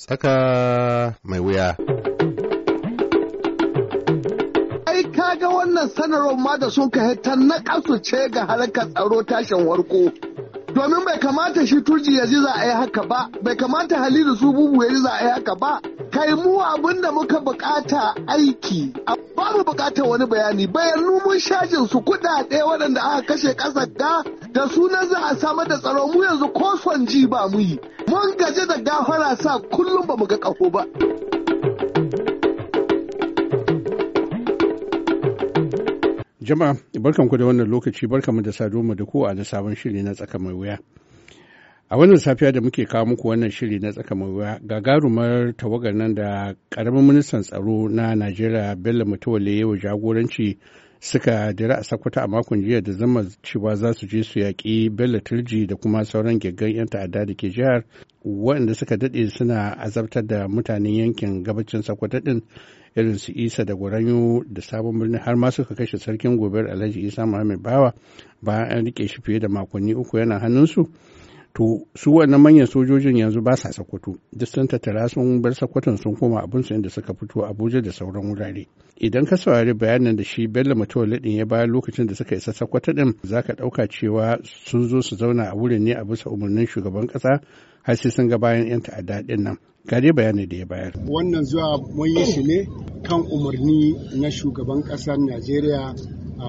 Saka mai wuya. Ai kaga wannan sanarwar ma da sun ka ta na ce ga harkar tsaro tashin warko. Domin bai kamata shi turji ya ji za a yi haka ba, bai kamata Halilu su bubu ya ji za a yi haka ba, kai mu abin da muka bukata aiki ba mu bukatar wani bayani bayan mun shajin su kuɗaɗe waɗanda aka kashe ƙasar ga da sunan za a samar da tsaro mu yanzu ko son ji ba mu yi mun gaje da gafara sa kullum ba mu ga ƙaho ba. Jama'a barkanku da wannan lokaci barkanmu da saduwa da ku a da sabon shiri na tsaka mai wuya. A wannan safiya da muke kawo muku wannan shiri na tsaka mai gagarumar tawagar nan da karamin ministan tsaro na Najeriya Bello mutuwale yau jagoranci suka dira a sakwata a makon jiya da zama cewa za su je su yaƙi Bello Turji da kuma sauran gaggan 'yan ta'adda da ke jihar waɗanda suka daɗe suna azabtar da mutanen yankin gabacin sakwata ɗin irin su isa da gwaranyo da sabon birnin har ma suka kashe sarkin gobe alhaji isa muhammad bawa bayan an rike shi fiye da makonni uku yana hannunsu to su wannan manyan sojojin yanzu ba sa sakwato duk sun tattara sun bar sakwaton sun koma su inda suka fito abuja da sauran wurare idan ka saurari bayanin da shi bello mutuwar din ya bayar lokacin da suka isa sakwato din zaka ɗauka cewa sun zo su zauna a wurin ne a bisa umarnin shugaban ƙasa, har sai sun ga bayan yan ta'adda din nan kare bayanin da ya bayar wannan zuwa mun yi shi ne kan umarni na shugaban ƙasar najeriya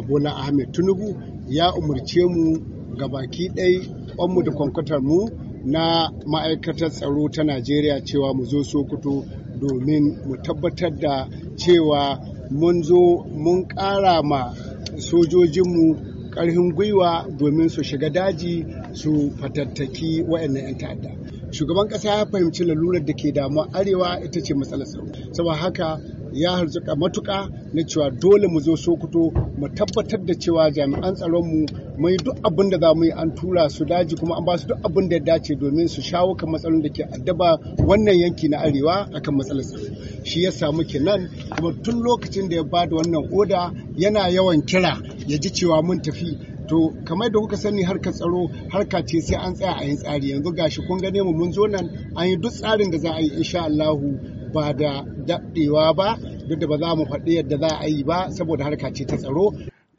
bola ahmed tinubu ya umarce mu gabaki ɗai kwanmu da kwankwatar mu na ma'aikatar tsaro ta najeriya cewa mu zo sokoto domin mu tabbatar da cewa mun zo mun ƙara ma sojojinmu ƙarfin gwiwa domin su shiga daji su fatattaki waɗannan 'yan ta'adda shugaban ƙasa ya fahimci lalurar da ke damuwa arewa ita ce matsalar tsaro saboda haka ya harzuka matuka na cewa dole mu zo sokoto mu tabbatar da cewa jami'an tsaronmu mai duk abin da za mu yi an tura su daji kuma an ba su duk abin da ya dace domin su shawo kan matsalolin da ke addaba wannan yanki na arewa akan matsalar tsaro shi ya samu kenan kuma tun lokacin da ya ba da wannan oda yana yawan kira ya ji cewa mun tafi to kamar da kuka sani harkar tsaro harka ce sai an tsaya a yin tsari yanzu gashi kun gane mu mun zo nan an yi duk tsarin da za a yi insha Allahu ba da daɗewa ba duk da ba za mu faɗi yadda za a yi ba saboda harka ce ta tsaro.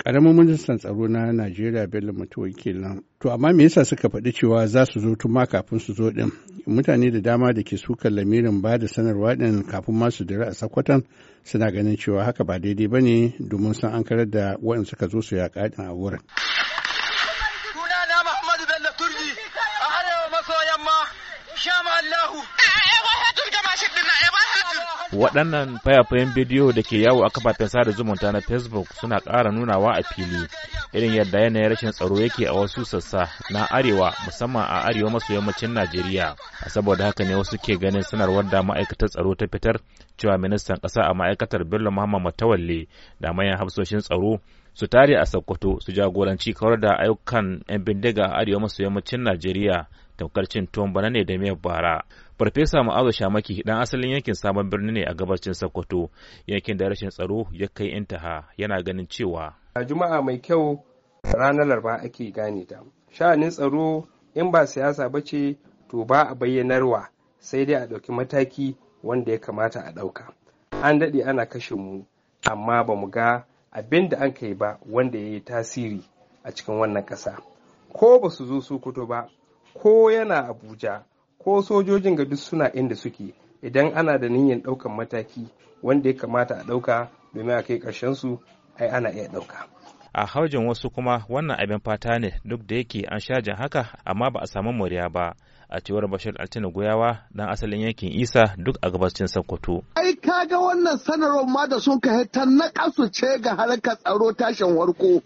Ƙaramin ministan tsaro na Najeriya Bello Mutuwa kenan. To amma me yasa suka faɗi cewa za su zo tun ma kafin su zo ɗin? Mutane da dama da ke sukan lamirin ba da sanarwa ɗin kafin ma su dira a sakwatan suna ganin cewa haka ba daidai ba ne domin san an karar da waɗanda suka zo su yaƙa ɗin a wurin. waɗannan fayafayen bidiyo da ke yawo a kafafen sada zumunta na facebook suna ƙara nunawa a fili irin yadda yanayin rashin tsaro yake a wasu sassa na arewa musamman a arewa maso yammacin najeriya saboda haka ne wasu ke ganin sanarwar da ma'aikatar tsaro ta fitar cewa ministan ƙasa a ma'aikatar bello muhammad matawalle da manyan hafsoshin tsaro su tare a sokoto su jagoranci kawar da ayyukan 'yan bindiga a arewa maso yammacin najeriya tamkar cin bana ne da miyar bara farfesa ma'azu shamaki dan asalin yankin sabon birni ne a gabacin sokoto yankin da rashin tsaro ya kai intaha yana ganin cewa a juma'a mai kyau ranar larba ake gane ta sha'anin tsaro in ba siyasa ba ce to ba a bayyanarwa sai dai a ɗauki mataki wanda ya kamata a ɗauka an daɗe ana kashe mu amma ba mu ga abin da an kai ba wanda ya yi tasiri a cikin wannan ƙasa ko ba su zo su ba ko yana abuja ko sojojin ga duk suna inda suke idan ana da niyyar ɗaukan mataki wanda ya kamata a ɗauka domin a kai ƙarshen su ai ana iya ɗauka. a haujin wasu kuma wannan abin fata ne duk da yake an shajin haka amma ba a samu moriya ba a cewar bashir altina goyawa dan asalin yankin isa duk a gabashin sokoto ai kaga wannan sanarwar ma da sun kai ta na ce ga harkar tsaro tashin warko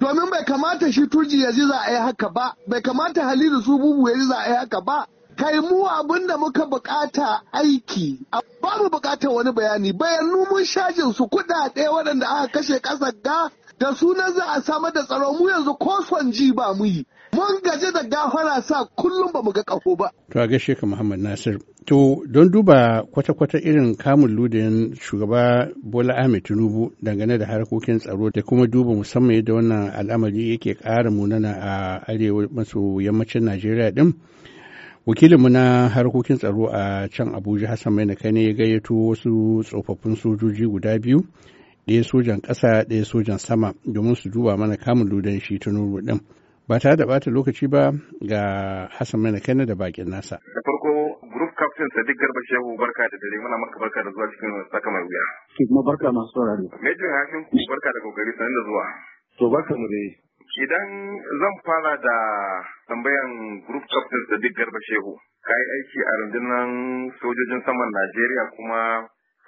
domin bai kamata shi turji ya ji za a yi haka ba bai kamata halilu su bubu ya ji za a yi haka ba kai mu abin da muka bukata aiki ba mu bukatar wani bayani bayan numun shajin su kudade waɗanda aka kashe ƙasar ga da sunan za a samar da tsaro mu yanzu ko son ji ba mu yi mun gaje da gafara sa kullum ba mu ga kafo ba. To a gaishe ka Muhammad Nasir. To don duba kwata-kwata irin kamun ludin shugaba Bola Ahmed Tinubu dangane da harkokin tsaro da kuma duba musamman yadda wannan al'amari yake ƙara munana a arewa maso yammacin Najeriya din. Wakilinmu na harkokin tsaro a can Abuja Hassan Mai ya gayyato wasu tsofaffin sojoji guda biyu ɗaya sojan ƙasa ɗaya sojan sama domin su duba mana kamun ludan shi ta nuru ɗin ba tare da bata lokaci ba ga hassan mai kai da bakin nasa da farko group captain sadiq garba shehu barka da dare muna maka barka da zuwa cikin saka mai wuya shi kuma barka masu sauraro major hakim ku barka da kokari sanin da zuwa to barka mu dai idan zan fara da tambayan group captain sadiq garba shehu kai aiki a rundunar sojojin saman najeriya kuma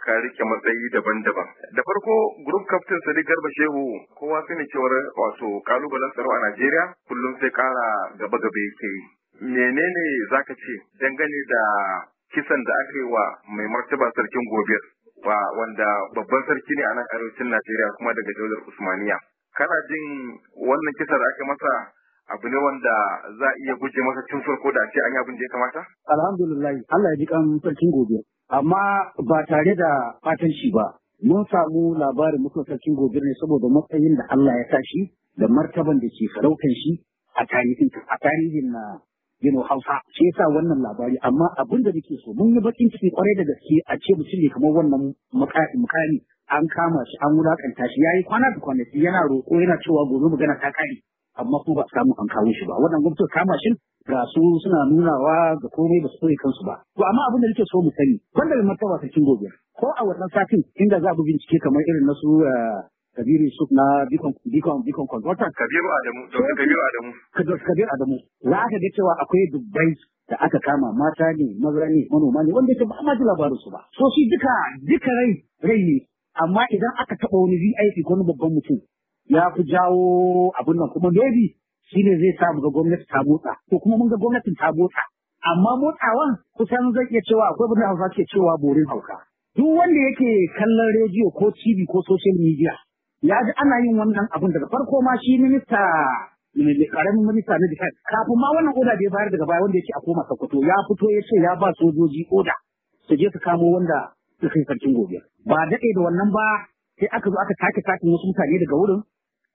ka rike matsayi daban-daban. Da farko group captain Sadiq Garba Shehu kowa sani cewar wato kalubalen tsaro a Najeriya kullum sai kara gaba-gaba yake yi. Menene zaka ce dangane da kisan da aka yi wa mai martaba sarkin Gobir wa wanda babban sarki ne a nan arewacin Najeriya kuma daga daular Usmaniya. Kana jin wannan kisa da aka masa abu ne wanda za a iya guje masa tun farko da ce an yi abin da ya kamata? Alhamdulillah Allah ya ji kan sarkin Gobir. amma ba tare da fatan shi ba mun samu labarin mutum sarkin gobe ne saboda matsayin da Allah ya tashi da martaban da ke farautar shi a tarihin a tarihin na yin Hausa shi yasa wannan labari amma abin da nake so mun yi bakin ciki kwarai da gaske a ce mutum ne kamar wannan mukami an kama shi an wulakanta shi yayi kwana da kwanaki yana roƙo yana cewa gobe magana ta kare amma kuma ba samu an kawo shi ba wannan gwamnati kama shi ga su suna nunawa ga komai ba su koyi kansu ba to amma abin da nake so mu sani banda da martaba sarkin gobe ko a wannan satin inda za mu bincike kamar irin na su eh, Kabiru Yusuf na Bikon Bikon Bikon Consultant. Kabiru Adamu, Dr. Kabiru Adamu. Kabiru Adamu. Za ka ga cewa akwai dubbai da aka kama mata ne, maza ne, manoma ne, wanda ke ba ma ji su ba. So shi duka, duka rai, rai ne. Amma idan aka taɓa wani VIP ko wani babban mutum, ya fi jawo abin nan kuma maybe shi ne zai sa mu ga gwamnati ta motsa to kuma mun ga gwamnatin ta motsa amma motsawan kusan zai iya cewa akwai abin da hausa ke cewa borin hauka duk wanda yake kallon rediyo ko tv ko social media ya ji ana yin wannan abin daga farko ma shi minista karamin minista na defense kafin ma wannan oda da ya bayar daga baya wanda yake a koma sokoto ya fito ya ce ya ba sojoji oda su je su kamo wanda su kai sarkin gobe ba daɗe da wannan ba sai aka zo aka sake sakin wasu mutane daga wurin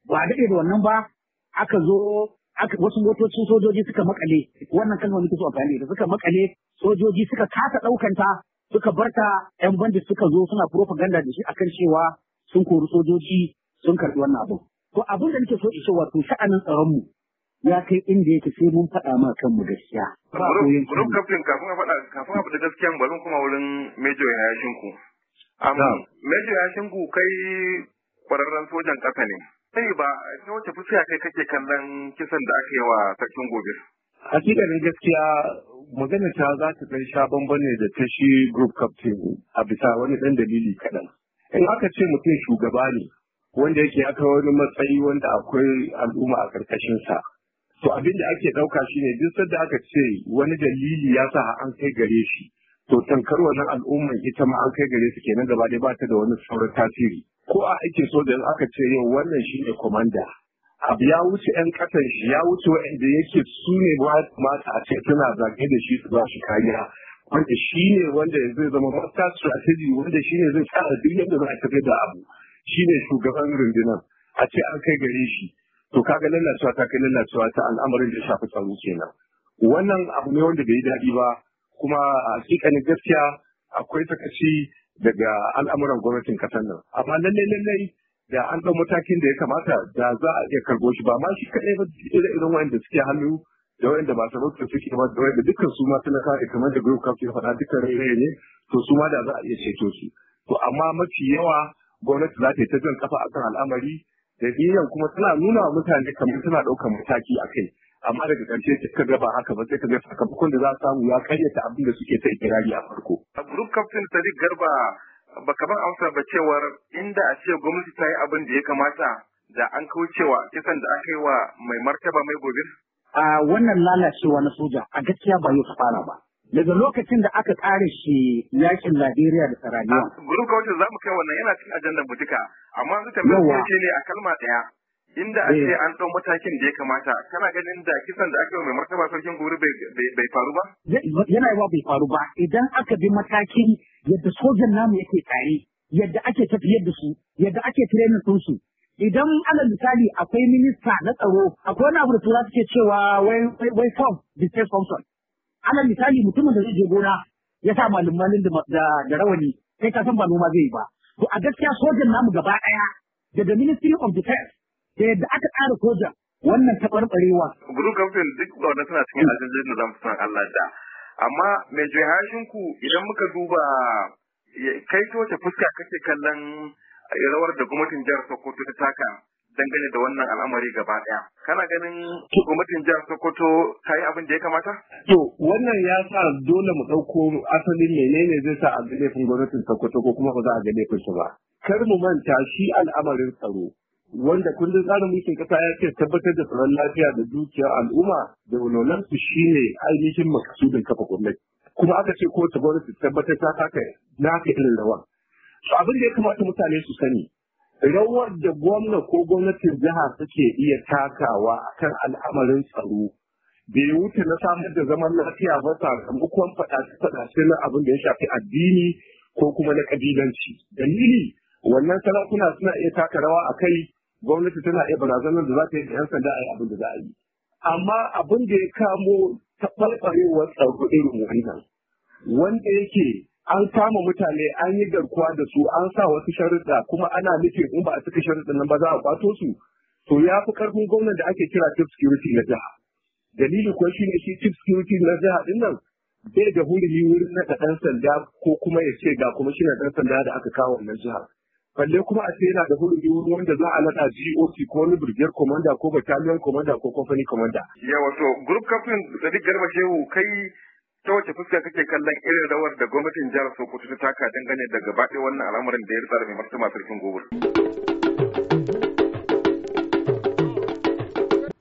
ba a daɗe da wannan ba aka zo aka wasu motocin sojoji suka makale wannan kalmar nake so amfani da suka makale sojoji suka kasa ɗaukanta suka barta yan bandit suka zo suna propaganda da shi akan cewa sun kori sojoji sun karɓi wannan abu to abin da nake so in cewa to sha'anin tsaron mu ya kai inda yake sai mun faɗa ma kanmu gaskiya. Group captain kafin a faɗa kafin a faɗa gaskiya ba bari kuma wurin major shinku amma Major yashin shinku kai kwararren sojan ƙasa ne. sai ba ta wace fuska kai kake kallon kisan da aka yi wa sarkin gobe. Hakikanin gaskiya magana ta za ta ɗan sha bamban ne da ta shi group captain a bisa wani ɗan dalili kaɗan. In aka ce mutum shugaba ne wanda yake aka wani matsayi wanda akwai al'umma a ƙarƙashinsa. To abin da ake ɗauka shine, ne duk sanda aka ce wani dalili ya sa an kai gare shi. To tankar wannan al'ummar ita ma an kai gare su kenan gaba ɗaya ba ta da wani sauran tasiri. ko a ake soja aka ce yau wannan shi ne komanda abu ya wuce 'yan kasan shi ya wuce waɗanda yake su ne mata a ce suna zage da shi su ba shi kariya wanda shi ne wanda zai zama master strategy wanda shi ne zai tsara duk yadda za a tafi da abu shi ne shugaban rundunar a ce an kai gare shi to kaga lallacewa ta kai lallacewa ta al'amarin da shafi tsaro kenan wannan abu ne wanda bai daɗi ba kuma a gaskiya akwai takaci daga al'amuran gwamnatin ƙasar nan amma lallai lallai da an ɗau matakin da ya kamata da za a iya karɓo shi ba ma shi kaɗai ba irin irin wa'anda suke hannu da wa'anda ba su rubuta suke ba da wa'anda dukkan su ma talaka da kamar da group kafin faɗa dukkan rere ne to su ma da za a iya ceto su to amma mafi yawa gwamnati za ta yi ta jan kafa a kan al'amari da biyan kuma tana nuna wa mutane kamar tana ɗaukar mataki a kai amma daga ƙarshe ta ka ba haka ba sai ka ga sakamakon da za a samu ya karyata abin da suke ta ikirari a farko. A Group Captain Sadiq Garba ba kamar amsa ba cewar inda a ce gwamnati ta yi abin da ya kamata da an kaucewa kisan da aka yi wa mai martaba mai gobe. A wannan lalacewa na soja a gaskiya ba yau fara ba. daga lokacin da aka kare shi yakin Najeriya da Sarajewa. Gurin kawai za mu kai wannan yana cikin ajandar mu duka, amma su tambayar ne a kalma ɗaya. inda a ce eh. an ɗau matakin da ya kamata kana ganin da kisan da aka yi mai martaba sarkin gori bai faru ba? yana yawa bai faru ba idan aka bi matakin yadda sojan namu yake tsare yadda ake tafiyar da su yadda ake tirenin su, idan ana misali akwai minista na tsaro akwai wani abu da tura suke cewa wai form business function ana misali mutumin da zai je gona ya sa malin da rawani sai ka san ba noma zai yi ba to a gaskiya sojan namu gaba ɗaya daga ministry of defense da yadda aka tsara soja wannan taɓarɓarewa. Guru kamfen duk da wannan suna cikin ajinjin da zan fi Allah da. Amma mai jihashin ku idan muka duba kai ta fuska kake kallon rawar da gwamnatin jihar Sokoto ta taka dangane da wannan al'amari gaba ɗaya. Kana ganin gwamnatin jihar Sokoto ta yi abin da ya kamata? To wannan ya sa dole mu ɗauko asalin menene zai sa a gane gwamnatin Sokoto ko kuma ba za a ga shi ba. Kar mu manta shi al'amarin tsaro wanda kundin tsarin mulkin kasa ya ce tabbatar da tsaron lafiya da dukiyar al'umma da walwalansu shine ainihin makasudin kafa gwamnati kuma aka ce ko ta gwamnati tabbatar ta na ka irin rawar abin da ya kamata mutane su sani rawar da gwamna ko gwamnatin jiha suke iya takawa kan al'amarin tsaro bai wuce na samar da zaman lafiya ba sakamakon faɗace-faɗace na abin da ya shafi addini ko kuma na ƙabilanci dalili wannan sarakuna suna iya taka rawa a kai gwamnati tana iya barazanar da za ta yi da 'yan sanda a yi abin da za a yi amma abin da ya kamo taɓarɓarewar tsaro irin wannan wanda yake an kama mutane an yi garkuwa da su an sa wasu sharuɗa kuma ana nufin in ba a cika sharuɗan nan ba za a kwato su to ya fi ƙarfin gwamnan da ake kira chief security na jiha dalili kuwa shi ne shi chief security na jiha ɗin nan bai da hulihi wurin na ɗan sanda ko kuma ya ce ga kuma shi ɗan sanda da aka kawo wannan jihar balle kuma a ce yana da hurumi wani wanda za a lada GOC ko wani burger commander ko battalion commander ko company commander. Ya wato group captain Sadiq Garba Shehu kai ta wace fuska kake kallon irin rawar da gwamnatin jihar Sokoto ta taka dangane da gabaɗaya wannan al'amarin da ya rasa da mai martaba sarkin gobir.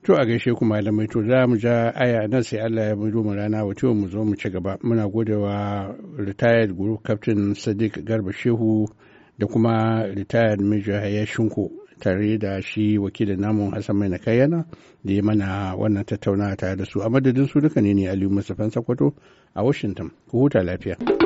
To a gaishe ku malamai to za mu ja aya nan sai Allah ya budo mu rana wato mu zo mu ci gaba muna godewa retired group captain Sadiq Garba Shehu da kuma retired major hayashinku tare da shi wakilin namu hassan mai na nakayana da ya mana wannan tattaunawa tare da su a madadin su duka ne ne aliyu mustapha sakwato a washington ku huta lafiya